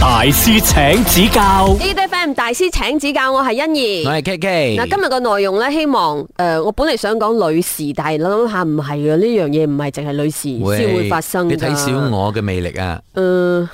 大師請指教，A. D. F. M. 大師請指教，我係欣宜，我係 K. K. 嗱，今日個內容咧，希望誒、呃，我本嚟想講女士，但係諗下唔係噶呢樣嘢，唔係淨係女士先會發生。你睇小我嘅魅力啊！嗯，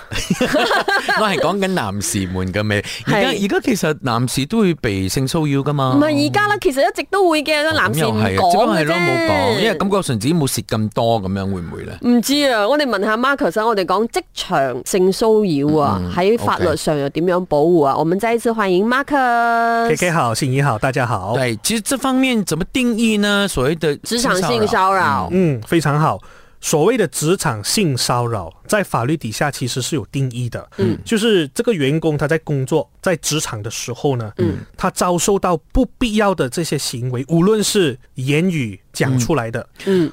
我係講緊男士們嘅魅力。而家而家其實男士都會被性騷擾噶嘛？唔係而家啦，其實一直都會嘅。哦、男士係講冇啫，因為感覺上自己冇蝕咁多，咁樣會唔會咧？唔知啊，我哋問下 Marcus、啊、先，我哋講職場性。騷擾啊，喺、嗯嗯、法律上又點樣保護啊？Okay. 我們再一次歡迎 Marcus，KK 好，姓怡好，大家好。對，其實這方面怎麼定義呢？所謂的職場性騷擾，性騷擾，嗯，嗯，非常好。所謂的職場性騷擾，在法律底下其實是有定義的。嗯，就是這個員工他在工作在職場的時候呢，嗯，他遭受到不必要的這些行為，無論是言語講出來的，嗯。嗯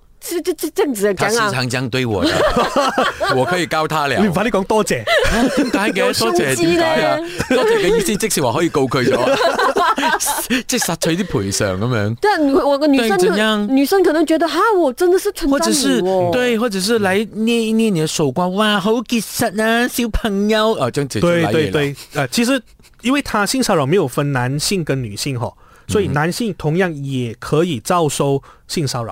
是這這正字嚟講，他經常這樣對我的，我可以告他啦。唔快你講多謝。咁感激多謝，點解啊？多謝嘅意思即是話可以告佢咗、啊，即係索取啲賠償咁樣。但我個女生，樣女生可能覺得哈，我真的是存在、哦。或者是對，或者是嚟捏一捏你的手瓜，哇，好結實啊，小朋友。啊，這樣子對對對。啊、呃，其實因為他性騷擾沒有分男性跟女性嗬，所以男性同樣也可以遭受性騷擾。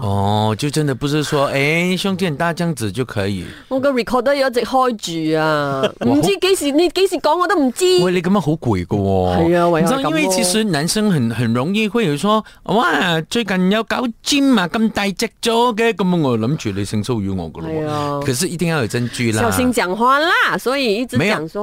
哦，就真的不是說，誒、欸，胸健大這樣子就可以。我個 record e 都一直開住啊，唔哇知幾時 你幾時講我都唔知道。喂，你咁樣好攰噶、哦。係、嗯、啊，為咗咁多。因為其實男生很很容易會有說，哇，最近要搞 gym 嘛，咁大隻咗嘅，咁我諗住你性騷擾我噶啦。是啊，可是一定要有證據啦。小心講話啦，所以一直講。說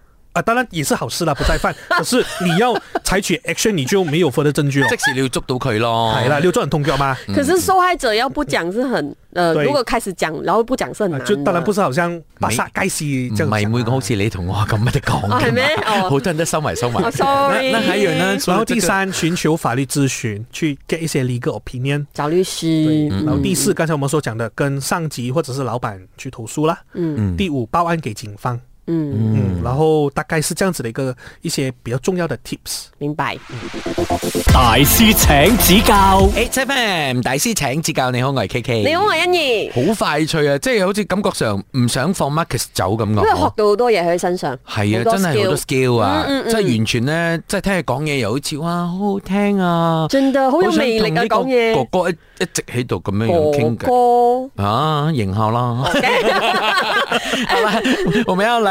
啊，當然也是好事啦，不再犯。可是你要採取 action，你就沒有分的證據咯。即使你要捉到佢咯，係啦，你要做痛腳嗎？可是受害者要不講是很，呃，如果開始講，然後不講是很難，就當然不是，好像把殺街市唔係每個好似你同我咁咩嘅講嘅，好多人都收埋收埋。sorry，那還有呢？然後第三，尋求法律諮詢，去 get 一些 legal opinion，找律師。然後第四，剛才我們所講的，跟上級或者是老闆去投訴啦。嗯嗯。第五，報案給警方。嗯，然後大概是這樣子的一個一些比較重要的 tips。明白。大師請指教。誒，師傅，大師請指教。你好，我係 K K。你好，我係欣怡。好快脆啊，即係好似感覺上唔想放 Marcus 走咁樣。因為學到好多嘢喺佢身上。係啊，真係好多 skill 啊，即係完全咧，即係聽佢講嘢又好似哇好好聽啊，真係好有魅力咁講嘢。哥哥一一直喺度咁樣樣傾偈。啊，迎合啦。我未有嚟。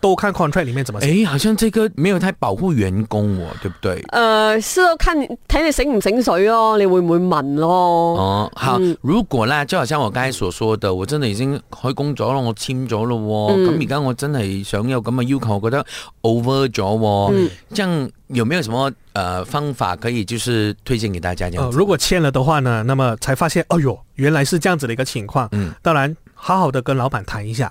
都看 contract 裏面怎麼，誒，好像這個沒有太保護員工，哦，對不對？呃，是要看睇你醒唔醒水哦，你會唔會問咯？哦，好，嗯、如果啦，就好像我剛才所說的，我真的已經開工咗咯，我簽咗咯，咁而家我真係想有咁嘅要求，我覺得 over 咗喎，嗯，這樣有沒有什麼呃方法可以就是推薦給大家？這樣、呃，如果簽了的話呢，那麼才發現，哎呦，原來是這樣子的一個情況，嗯，當然好好的跟老闆談一下。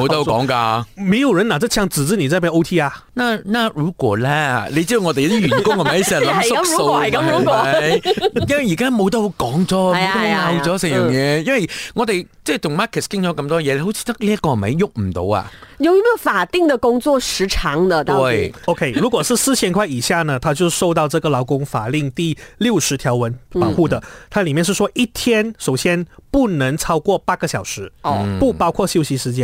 我都講噶，沒有人拿支槍指住你這邊 O T 啊！那那如果咧，你知道我哋啲員工係咪成日攞縮數？係咁講啊，因為而家冇得好講咗，拗咗成樣嘢。因為我哋即係同 Marcus 傾咗咁多嘢，好似得呢一個係咪喐唔到啊？有冇冇法定的工作時長咧？對，OK，如果是四千塊以下呢，它就受到這個勞工法令第六十條文保護的。它裏面是說，一天首先不能超過八個小時，哦，不包括休息時間。